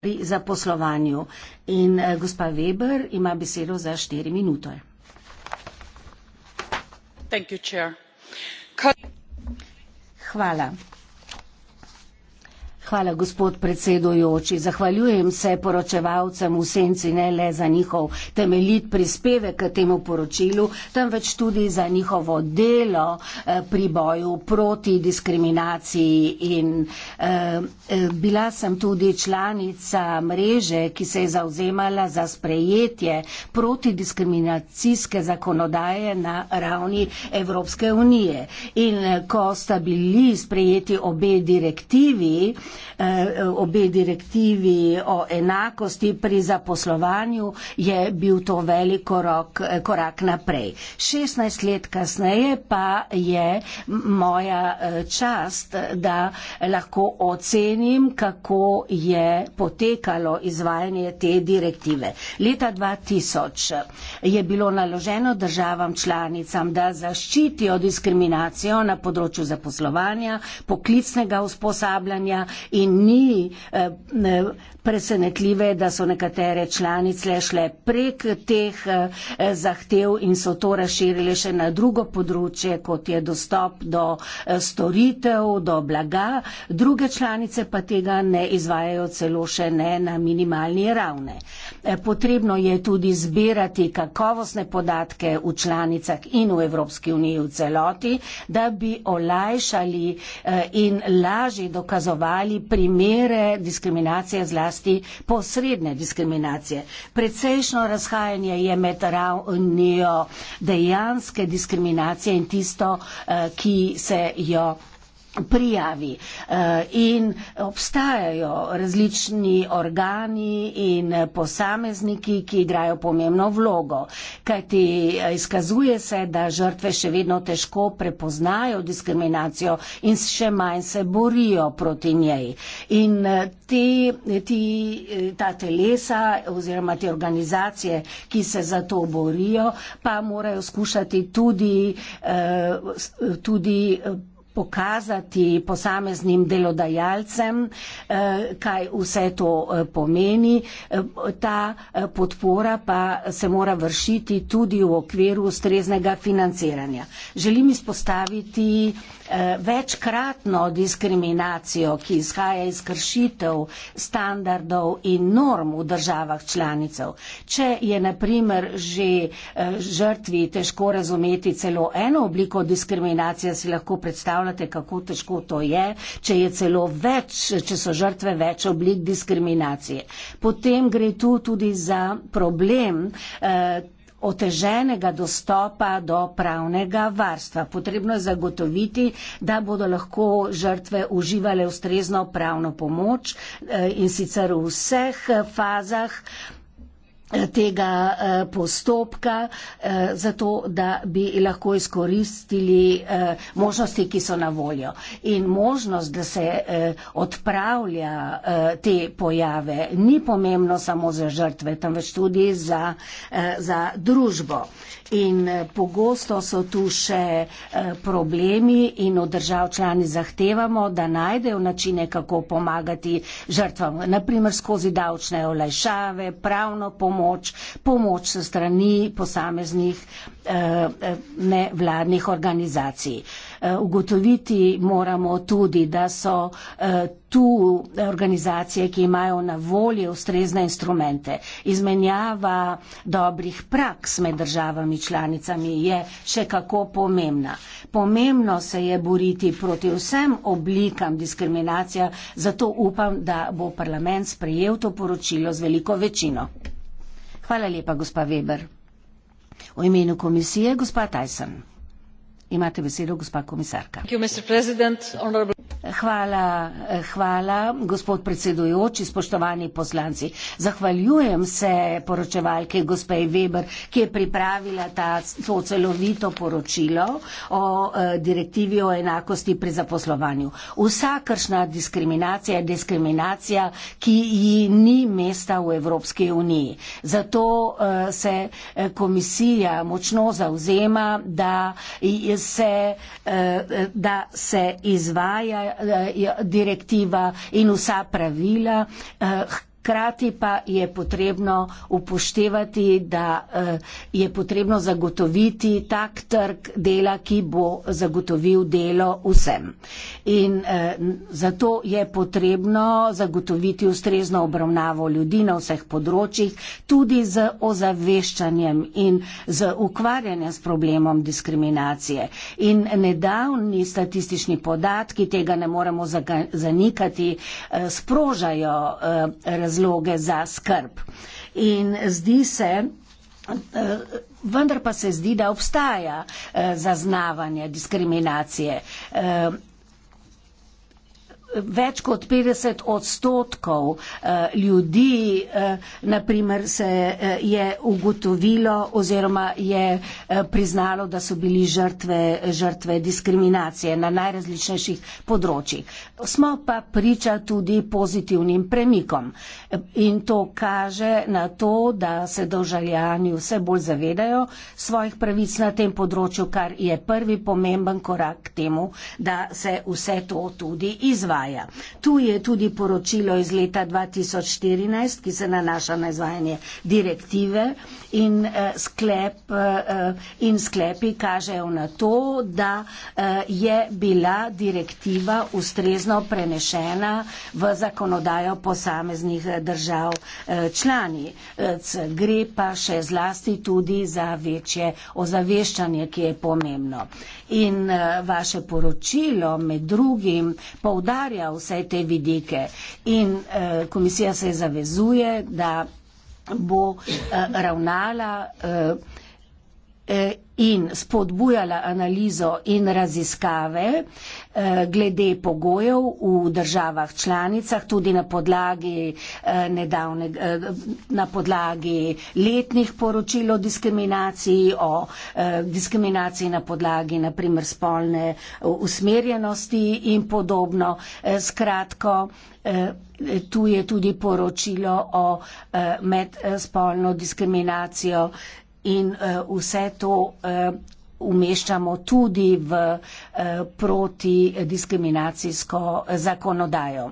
pri zaposlovanju. In eh, gospa Weber ima besedo za štiri minute. Hvala. Hvala, gospod predsedujoči. Zahvaljujem se poročevalcem v senci ne le za njihov temeljit prispevek k temu poročilu, temveč tudi za njihovo delo eh, pri boju proti diskriminaciji. In, eh, eh, bila sem tudi članica mreže, ki se je zauzemala za sprejetje protidiskriminacijske zakonodaje na ravni Evropske unije. In ko sta bili sprejeti obe direktivi, Eh, obe direktivi o enakosti pri zaposlovanju, je bil to velik korak, eh, korak naprej. 16 let kasneje pa je moja eh, čast, da lahko ocenim, kako je potekalo izvajanje te direktive. Leta 2000 je bilo naloženo državam članicam, da zaščitijo diskriminacijo na področju zaposlovanja, poklicnega usposabljanja in ni eh, presenetljive, da so nekatere članice šle prek teh eh, zahtev in so to razširile še na drugo področje, kot je dostop do eh, storitev, do blaga. Druge članice pa tega ne izvajajo celo še ne na minimalni ravni. Eh, potrebno je tudi zbirati kakovostne podatke v članicah in v Evropski uniji v celoti, da bi olajšali eh, in lažje dokazovali primere diskriminacije zlasti posredne diskriminacije. Precejšno razhajanje je med ravnijo dejanske diskriminacije in tisto, eh, ki se jo prijavi eh, in obstajajo različni organi in posamezniki, ki igrajo pomembno vlogo, kajti eh, izkazuje se, da žrtve še vedno težko prepoznajo diskriminacijo in še manj se borijo proti njej. In eh, ti, ti, ta telesa oziroma te organizacije, ki se za to borijo, pa morajo skušati tudi, tudi pokazati posameznim delodajalcem, eh, kaj vse to eh, pomeni. Eh, ta podpora pa se mora vršiti tudi v okviru ustreznega financiranja. Želim izpostaviti večkratno diskriminacijo, ki izhaja iz kršitev standardov in norm v državah članicev. Če je naprimer že žrtvi težko razumeti celo eno obliko diskriminacije, si lahko predstavljamo, predstavljate, kako težko to je, če je celo več, če so žrtve več oblik diskriminacije. Potem gre tu tudi za problem. Eh, oteženega dostopa do pravnega varstva. Potrebno je zagotoviti, da bodo lahko žrtve uživale ustrezno pravno pomoč eh, in sicer v vseh fazah tega eh, postopka, eh, zato da bi lahko izkoristili eh, možnosti, ki so na voljo. In možnost, da se odpravlja te pojave, ni pomembno samo za žrtve, temveč tudi za, za družbo. In pogosto so tu še problemi in od držav člani zahtevamo, da najdejo načine, kako pomagati žrtvam, naprimer skozi davčne olajšave, pravno pomoč, pomoč, pomoč se strani posameznih eh, eh, nevladnih organizacij. Eh, ugotoviti moramo tudi, da so tu organizacije, ki imajo na volje ustrezne instrumente. Izmenjava dobrih praks med državami članicami je še kako pomembna. Pomembno se je boriti proti vsem oblikam diskriminacije, zato upam, da bo parlament sprejel to poročilo z veliko večino. Hvala lepa, gospa Weber. V imenu komisije, gospa Tyson. Imate besedo, gospa komisarka. Thank you, Hvala, hvala, gospod predsedujoči, spoštovani poslanci. Zahvaljujem se poročevalki gospe Weber, ki je pripravila ta, to celovito poročilo o eh, direktivi o enakosti pri zaposlovanju. Vsakršna diskriminacija je diskriminacija, ki ji ni mesta v Evropski uniji. Zato eh, se e, komisija močno zauzema, da se, eh, da se izvaja Eh, direktiva in vsa pravila, eh, Krati pa je potrebno upoštevati, da eh, je potrebno zagotoviti tak trg dela, ki bo zagotovil delo vsem. In eh, zato je potrebno zagotoviti ustrezno obravnavo ljudi na vseh področjih, tudi z ozaveščanjem in z ukvarjanjem s problemom diskriminacije. In nedavni statistični podatki, tega ne moremo zanikati, eh, sprožajo različne razloge za skrb. In zdi se, eh, vendar pa se zdi, da obstaja eh, zaznavanje diskriminacije. Eh, več kot 50 odstotkov eh, ljudi, eh, naprimer, se eh, je ugotovilo oziroma je priznalo, da so bili žrtve, žrtve diskriminacije na najrazličnejših področjih. Smo pa priča tudi pozitivnim premikom in to kaže na to, da se državljani vse bolj zavedajo svojih pravic na tem področju, kar je prvi pomemben korak k temu, da se vse to tudi izvaja izvaja. Tu je tudi poročilo iz leta 2014, ki se nanaša na izvajanje direktive in, eh, sklep, eh, in sklepi kažejo na to, da eh, je bila direktiva ustrezno prenešena v zakonodajo posameznih eh, držav eh, člani. C, gre pa še zlasti tudi za večje ozaveščanje, ki je pomembno. Eh, in eh, vaše poročilo med drugim povdarja vse te vidike in eh, komisija se zavezuje, da bo eh, ravnala in spodbujala analizo in raziskave eh, glede pogojev v državah članicah, tudi na podlagi, eh, nedavne, eh, na podlagi letnih poročil o diskriminaciji, o diskriminaciji na podlagi naprimer spolne usmerjenosti in podobno. Skratko, tu je tudi poročilo o medspolno diskriminacijo in uh, vse to uh, umeščamo tudi v uh, protidiskriminacijsko zakonodajo.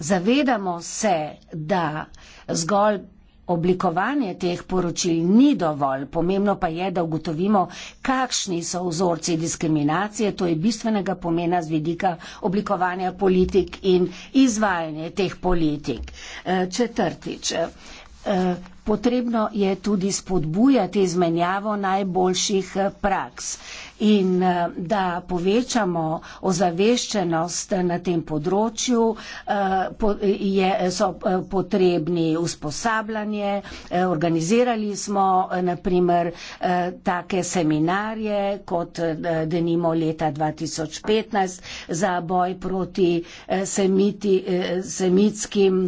Zavedamo se, da zgolj oblikovanje teh poročil ni dovolj, pomembno pa je, da ugotovimo, kakšni so vzorci diskriminacije, to je bistvenega pomena z vidika oblikovanja politik in izvajanje teh politik. Četrtič. Potrebno je tudi spodbujati izmenjavo najboljših eh, praks in eh, da povečamo ozaveščenost eh, na tem področju, so potrebni usposabljanje, organizirali smo naprimer take seminarje kot denimo leta 2015 za boj proti semiti, semitskim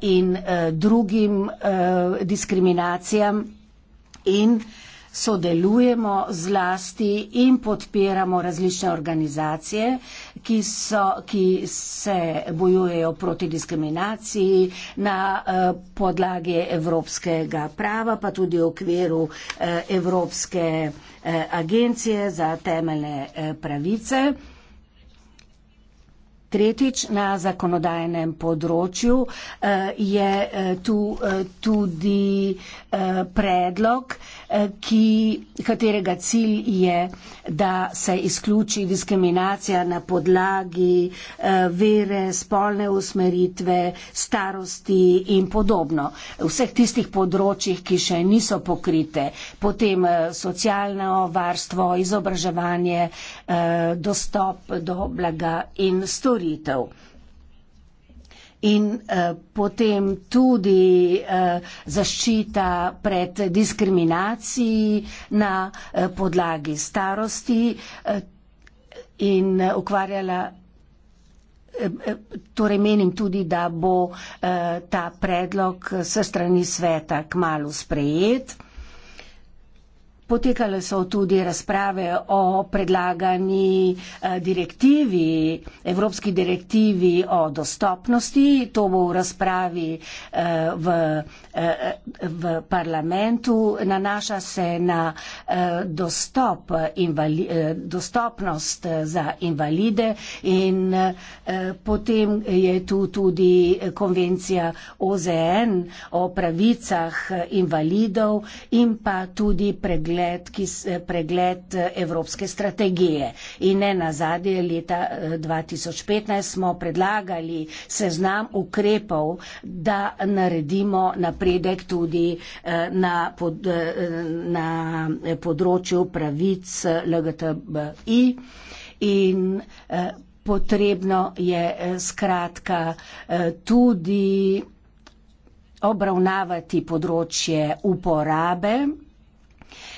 in drugim diskriminacijam in sodelujemo zlasti in podpiramo različne organizacije, ki, so, ki se bojujejo proti diskriminaciji na eh, podlagi evropskega prava, pa tudi v okviru eh, Evropske eh, agencije za temeljne eh, pravice. Tretjič na zakonodajnem področju eh, je eh, tu eh, tudi predlog, Eh, ki, katerega cilj je, da se izključi diskriminacija na podlagi eh, vere, spolne usmeritve, starosti in podobno. Vseh tistih področjih, ki še niso pokrite, potem eh, socialno varstvo, izobraževanje, dostop do blaga in storitev in eh, potem tudi eh, zaščita pred diskriminaciji na eh, podlagi starosti eh, in eh, ukvarjala. Eh, eh, torej menim tudi, da bo uh, ta predlog s strani sveta kmalo sprejet. Potekale so tudi razprave o predlagani eh, direktivi, evropski direktivi o dostopnosti. To bo v razpravi eh, v, eh, v parlamentu. Nanaša se na dostop, invali, dostopnost za invalide in potem je tu tudi konvencija OZN o pravicah invalidov in pa tudi pregled pregled, ki, eh, pregled eh, evropske strategije. In ne na zadnje, leta 2015 eh, smo predlagali seznam ukrepov, da naredimo napredek tudi na, pod, na področju pravic LGTBI. In, Potrebno je skratka tudi obravnavati področje uporabe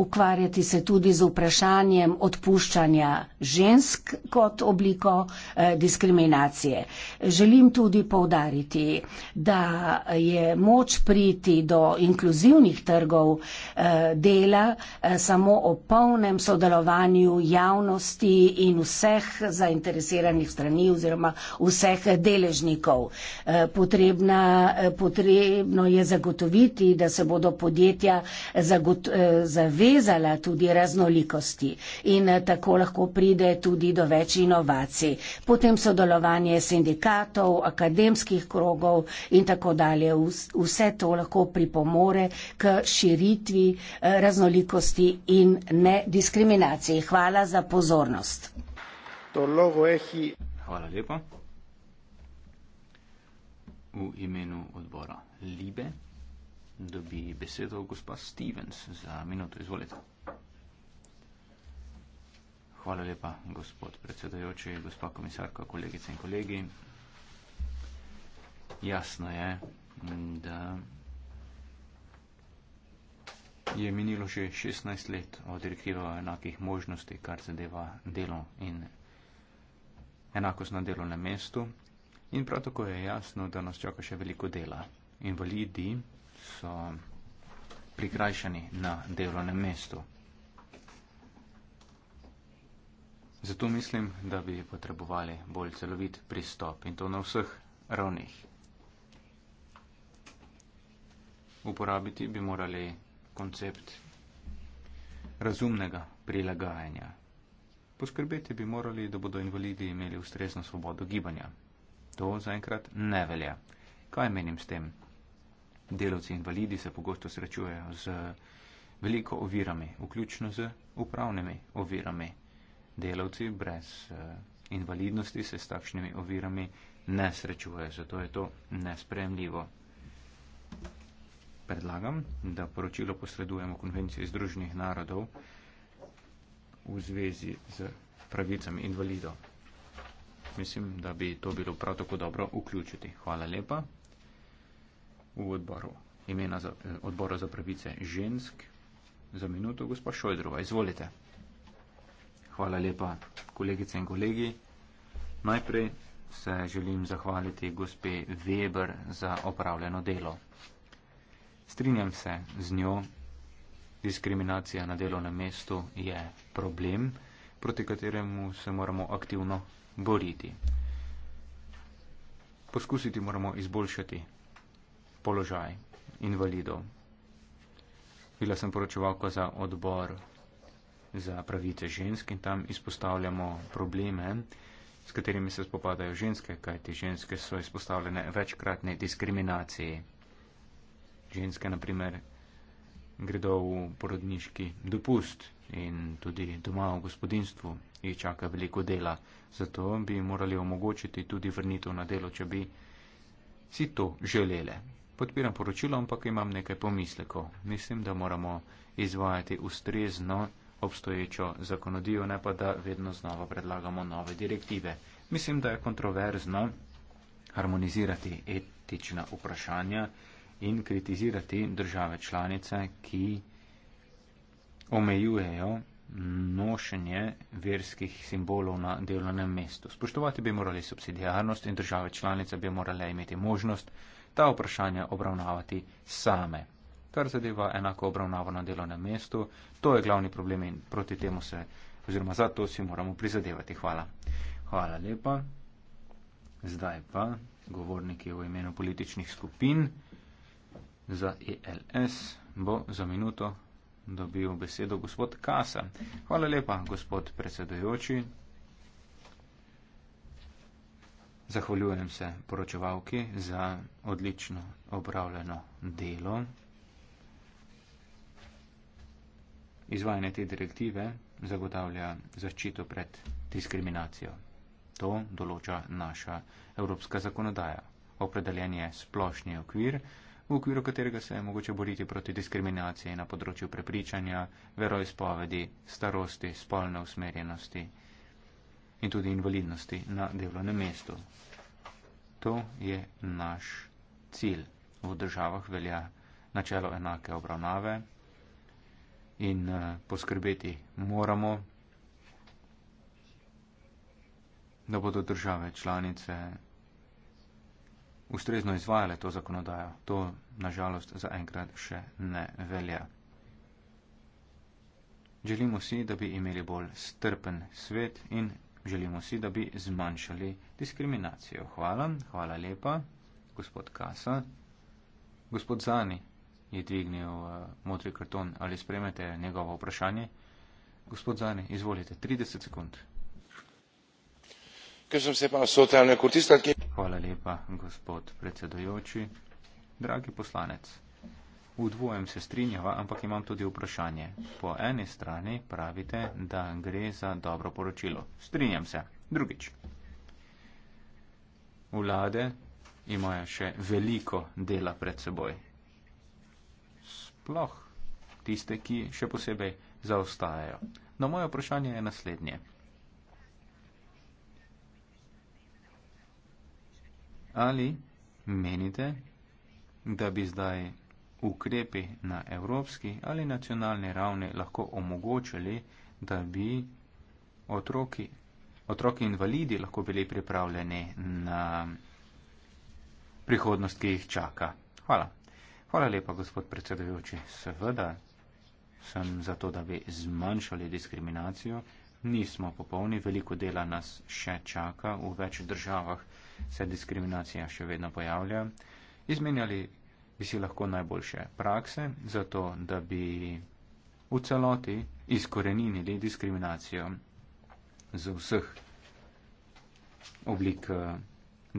ukvarjati se tudi z vprašanjem odpuščanja žensk kot obliko eh, diskriminacije. Želim tudi povdariti, da je moč priti do inkluzivnih trgov eh, dela eh, samo o polnem sodelovanju javnosti in vseh zainteresiranih strani oziroma vseh deležnikov. Eh, potrebna, eh, potrebno je zagotoviti, da se bodo podjetja zagot, eh, zavedali, povezala tudi raznolikosti in tako lahko pride tudi do več inovacij. Potem sodelovanje sindikatov, akademskih krogov in tako dalje. Vse to lahko pripomore k širitvi eh, raznolikosti in nediskriminaciji. Hvala za pozornost. Hvala lepa. V imenu odbora Libe dobi besedo gospa Stevens za minuto. Izvolite. Hvala lepa, gospod predsedajoči, gospa komisarka, kolegice in kolegi. Jasno je, da je minilo že 16 let od direktive o enakih možnosti, kar zadeva delo in enakost na delovnem mestu. In prav tako je jasno, da nas čaka še veliko dela. Invalidi so prikrajšani na delovnem mestu. Zato mislim, da bi potrebovali bolj celovit pristop in to na vseh ravneh. Uporabiti bi morali koncept razumnega prilagajanja. Poskrbeti bi morali, da bodo invalidi imeli ustrezno svobodo gibanja. To zaenkrat ne velja. Kaj menim s tem? delavci invalidi se pogosto srečujejo z veliko ovirami, vključno z upravnimi ovirami. Delavci brez uh, invalidnosti se s takšnimi ovirami ne srečujejo, zato je to nespremljivo. Predlagam, da poročilo posredujemo konvenciji Združenih narodov v zvezi z pravicami invalidov. Mislim, da bi to bilo prav tako dobro vključiti. Hvala lepa v odboru, imena za, eh, odbora za pravice žensk. Za minuto, gospa Šojdrova, izvolite. Hvala lepa, kolegice in kolegi. Najprej se želim zahvaliti gospe Weber za opravljeno delo. Strinjam se z njo, diskriminacija na delovnem mestu je problem, proti kateremu se moramo aktivno boriti. Poskusiti moramo izboljšati položaj invalidov. Bila sem poročevalka za odbor za pravice žensk in tam izpostavljamo probleme, s katerimi se spopadajo ženske, kajti ženske so izpostavljene večkratne diskriminaciji. Ženske, na primer, gredo v porodniški dopust in tudi doma v gospodinstvu jih čaka veliko dela. Zato bi morali omogočiti tudi vrnitev na delo, če bi si to želele podpiram poročilo, ampak imam nekaj pomislekov. Mislim, da moramo izvajati ustrezno obstoječo zakonodijo, ne pa da vedno znova predlagamo nove direktive. Mislim, da je kontroverzno harmonizirati etična vprašanja in kritizirati države članice, ki omejujejo nošenje verskih simbolov na delovnem mestu. Spoštovati bi morali subsidijarnost in države članice bi morale imeti možnost ta vprašanja obravnavati same. Kar zadeva enako obravnavo na delovnem mestu, to je glavni problem in proti temu se oziroma za to si moramo prizadevati. Hvala. Hvala lepa. Zdaj pa govorniki v imenu političnih skupin za ELS bo za minuto dobil besedo gospod Kasa. Hvala lepa, gospod predsedujoči, Zahvaljujem se poročevalki za odlično opravljeno delo. Izvajanje te direktive zagotavlja zaščito pred diskriminacijo. To določa naša evropska zakonodaja. Opredeljen je splošni okvir, v okviru katerega se je mogoče boriti proti diskriminaciji na področju prepričanja, veroizpovedi, starosti, spolne usmerjenosti in tudi invalidnosti na delovnem mestu. To je naš cilj. V državah velja načelo enake obravnave in eh, poskrbeti moramo, da bodo države članice ustrezno izvajale to zakonodajo. To nažalost zaenkrat še ne velja. Želimo si, da bi imeli bolj strpen svet in Želimo si, da bi zmanjšali diskriminacijo. Hvala, hvala lepa, gospod Kasa. Gospod Zani je dvignil uh, modri karton. Ali spremete njegovo vprašanje? Gospod Zani, izvolite, 30 sekund. Hvala lepa, gospod predsedojoči. Dragi poslanec. V dvojem se strinjava, ampak imam tudi vprašanje. Po eni strani pravite, da gre za dobro poročilo. Strinjam se. Drugič. Vlade imajo še veliko dela pred seboj. Sploh tiste, ki še posebej zaostajajo. No, moje vprašanje je naslednje. Ali menite, da bi zdaj ukrepi na evropski ali nacionalni ravni lahko omogočili, da bi otroki, otroki invalidi lahko bili pripravljeni na prihodnost, ki jih čaka. Hvala. Hvala lepa, gospod predsedujoči. Seveda sem za to, da bi zmanjšali diskriminacijo. Nismo popolni, veliko dela nas še čaka. V več državah se diskriminacija še vedno pojavlja. Izmenjali bi si lahko najboljše prakse za to, da bi v celoti izkorenili diskriminacijo z vseh oblik eh,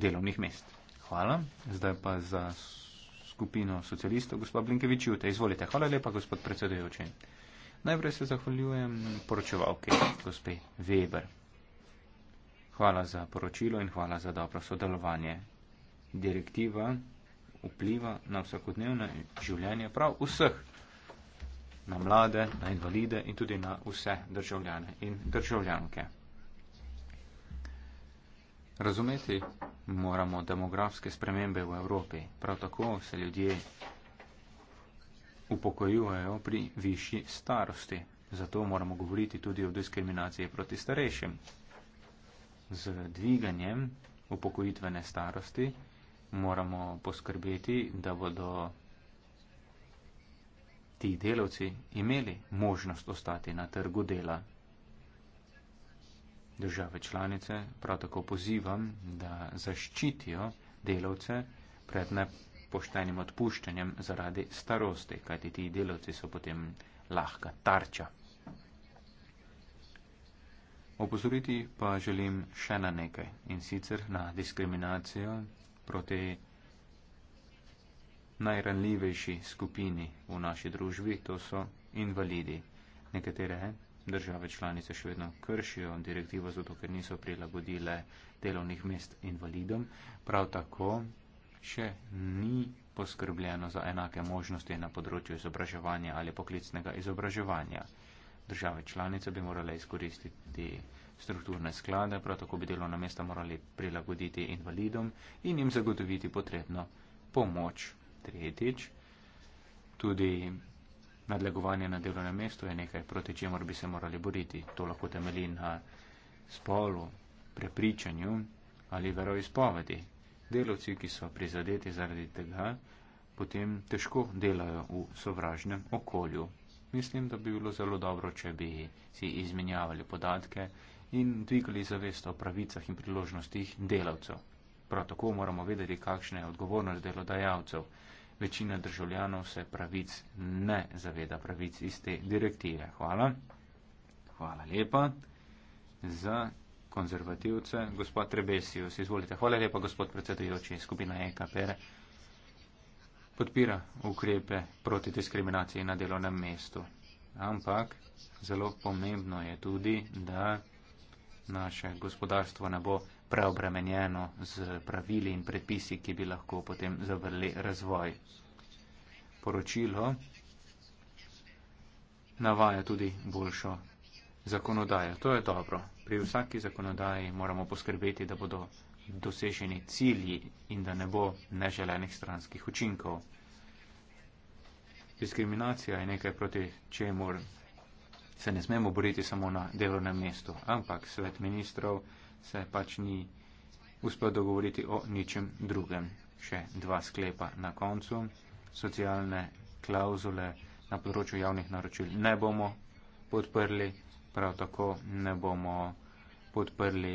delovnih mest. Hvala. Zdaj pa za skupino socialistov, gospod Blinkevič, jute. Izvolite. Hvala lepa, gospod predsedujoči. Najprej se zahvaljujem poročevalke, gospe Weber. Hvala za poročilo in hvala za dobro sodelovanje. Direktiva vpliva na vsakodnevno življenje prav vseh, na mlade, na invalide in tudi na vse državljane in državljanke. Razumeti moramo demografske spremembe v Evropi, prav tako se ljudje upokojujejo pri višji starosti. Zato moramo govoriti tudi o diskriminaciji proti starejšim. Z dviganjem upokojitvene starosti moramo poskrbeti, da bodo ti delavci imeli možnost ostati na trgu dela. Države članice prav tako pozivam, da zaščitijo delavce pred nepoštenim odpuščanjem zaradi starosti, kajti ti delavci so potem lahka tarča. Opozoriti pa želim še na nekaj in sicer na diskriminacijo proti najranljivejši skupini v naši družbi, to so invalidi. Nekatere države članice še vedno kršijo direktivo, zato ker niso prilagodile delovnih mest invalidom. Prav tako še ni poskrbljeno za enake možnosti na področju izobraževanja ali poklicnega izobraževanja države članice bi morale izkoristiti strukturne sklade, prav tako bi delovna mesta morali prilagoditi invalidom in jim zagotoviti potrebno pomoč. Tretjič, tudi nadlegovanje na delovnem mestu je nekaj, proti čemer bi se morali boriti. To lahko temelji na spolu, prepričanju ali veroizpovedi. Delovci, ki so prizadeti zaradi tega, potem težko delajo v sovražnem okolju. Mislim, da bi bilo zelo dobro, če bi si izmenjavali podatke in dvigali zavest o pravicah in priložnostih delavcev. Prav tako moramo vedeti, kakšna je odgovornost delodajalcev. Večina državljanov se pravic ne zaveda, pravic iz te direktive. Hvala. Hvala lepa za konzervativce. Gospod Trebesijus, izvolite. Hvala lepa, gospod predsedujoči skupina EKPR podpira ukrepe proti diskriminaciji na delovnem mestu. Ampak zelo pomembno je tudi, da naše gospodarstvo ne bo preobremenjeno z pravili in predpisi, ki bi lahko potem zavrli razvoj. Poročilo navaja tudi boljšo zakonodajo. To je dobro. Pri vsaki zakonodaji moramo poskrbeti, da bodo doseženi cilji in da ne bo neželenih stranskih učinkov. Diskriminacija je nekaj proti čemur se ne smemo boriti samo na delovnem mestu, ampak svet ministrov se pač ni uspel dogovoriti o ničem drugem. Še dva sklepa na koncu. Socialne klauzule na področju javnih naročil ne bomo podprli, prav tako ne bomo podprli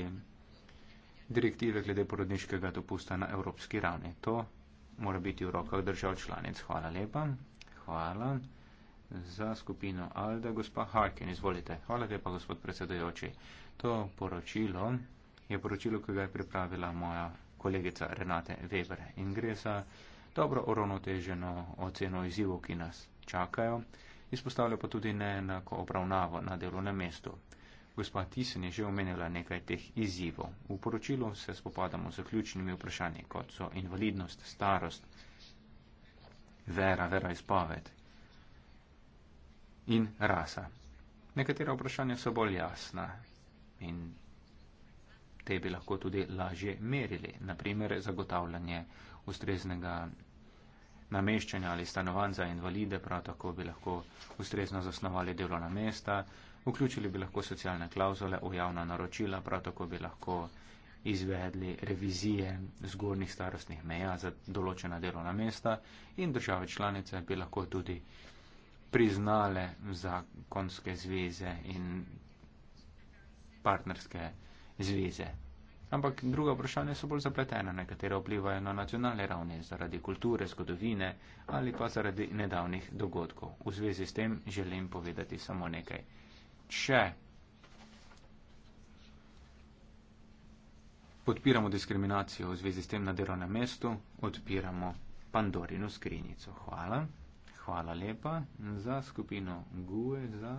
direktive glede porodniškega dopusta na evropski ravni. To mora biti v rokah držav članic. Hvala lepa. Hvala za skupino Alda, gospa Harkin. Izvolite. Hvala lepa, gospod predsedojoči. To poročilo je poročilo, ki ga je pripravila moja kolegica Renate Weber in gre za dobro uravnoteženo oceno izzivov, ki nas čakajo, izpostavlja pa tudi neenako obravnavo na delovnem mestu. Gospa Tisen je že omenila nekaj teh izzivov. V poročilu se spopadamo z ključnimi vprašanji, kot so invalidnost, starost, vera, vera izpoved in rasa. Nekatera vprašanja so bolj jasna in te bi lahko tudi lažje merili, naprimer zagotavljanje ustreznega nameščanja ali stanovanj za invalide, prav tako bi lahko ustrezno zasnovali delovna mesta, Vključili bi lahko socialne klauzule v javna naročila, prav tako bi lahko izvedli revizije zgornjih starostnih meja za določena delovna mesta in države članice bi lahko tudi priznale zakonske zveze in partnerske zveze. Ampak druga vprašanja so bolj zapletena, nekatere vplivajo na nacionalne ravni zaradi kulture, zgodovine ali pa zaradi nedavnih dogodkov. V zvezi s tem želim povedati samo nekaj če podpiramo diskriminacijo v zvezi s tem na delovnem mestu, odpiramo Pandorino skrinjico. Hvala. Hvala lepa za skupino GUE, za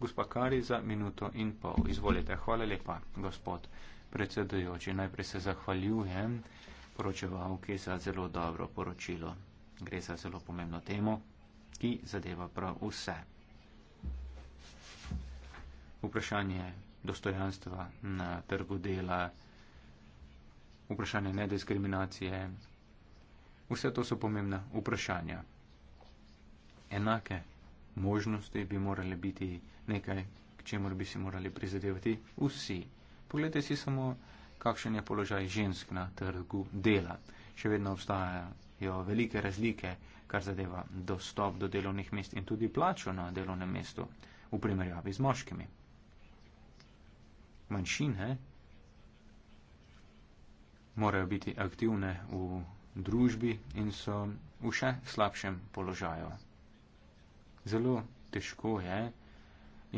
gospa Kari za minuto in pol. Izvolite. Hvala lepa, gospod predsedujoči. Najprej se zahvaljujem poročevalki za zelo dobro poročilo. Gre za zelo pomembno temo, ki zadeva prav vse vprašanje dostojanstva na trgu dela, vprašanje nediskriminacije. Vse to so pomembna vprašanja. Enake možnosti bi morali biti nekaj, k čemor bi si morali prizadevati vsi. Poglejte si samo, kakšen je položaj žensk na trgu dela. Še vedno obstajajo velike razlike, kar zadeva dostop do delovnih mest in tudi plačo na delovnem mestu v primerjavi z moškimi manjšine morajo biti aktivne v družbi in so v še slabšem položaju. Zelo težko je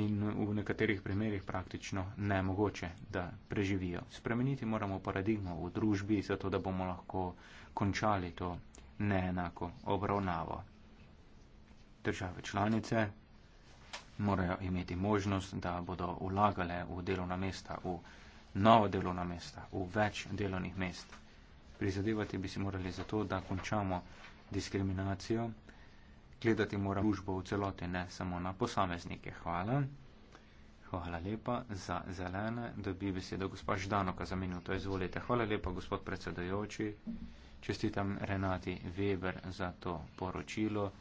in v nekaterih primerjih praktično nemogoče, da preživijo. Spremeniti moramo paradigmo v družbi, zato da bomo lahko končali to neenako obravnavo. Države članice morajo imeti možnost, da bodo ulagale v delovna mesta, v novo delovna mesta, v več delovnih mest. Prizadevati bi si morali za to, da končamo diskriminacijo. Gledati mora družbo v celoti, ne samo na posameznike. Hvala. Hvala lepa za zelene. Dobi besedo gospa Ždanoka za minuto. Izvolite. Hvala lepa, gospod predsedojoči. Čestitam Renati Weber za to poročilo.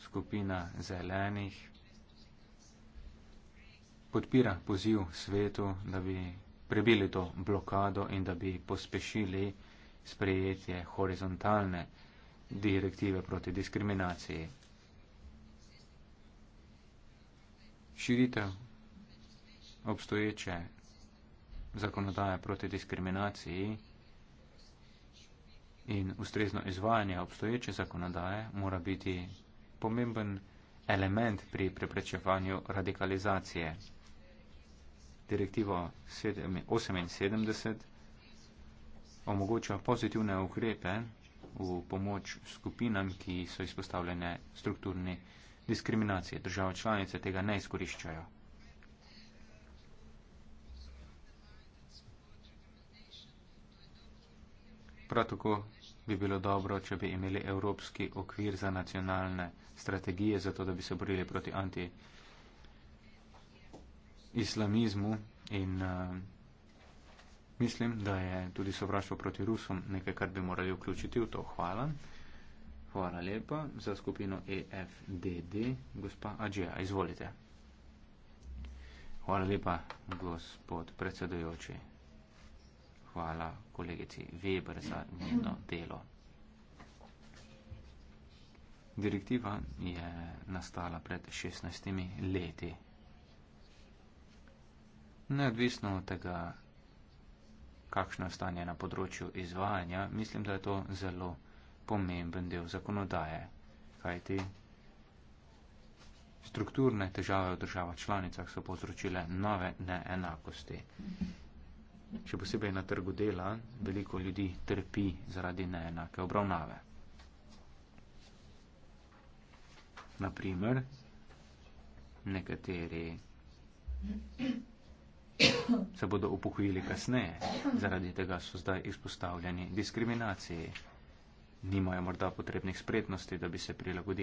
Skupina zelenih podpira poziv svetu, da bi prebili to blokado in da bi pospešili sprejetje horizontalne direktive proti diskriminaciji. Širitev obstoječe zakonodaje proti diskriminaciji in ustrezno izvajanje obstoječe zakonodaje mora biti pomemben element pri preprečevanju radikalizacije direktivo 78 omogoča pozitivne ukrepe v pomoč skupinam, ki so izpostavljene strukturni diskriminacije. Država članice tega ne izkoriščajo. Prav tako bi bilo dobro, če bi imeli evropski okvir za nacionalne strategije, zato da bi se borili proti antikorupciji islamizmu in uh, mislim, da je tudi sovraštvo proti Rusom nekaj, kar bi morali vključiti v to. Hvala. Hvala lepa za skupino EFDD. Gospa Adžija, izvolite. Hvala lepa, gospod predsedojoči. Hvala kolegici Weber za njeno delo. Direktiva je nastala pred 16 leti neodvisno od tega, kakšno stanje na področju izvajanja, mislim, da je to zelo pomemben del zakonodaje, kajti strukturne težave v državah članicah so povzročile nove neenakosti. Še posebej na trgu dela veliko ljudi trpi zaradi neenake obravnave. Naprimer, nekateri se bodo upokojili kasneje, zaradi tega so zdaj izpostavljeni diskriminaciji. Nimajo morda potrebnih spretnosti, da bi se prilagodili.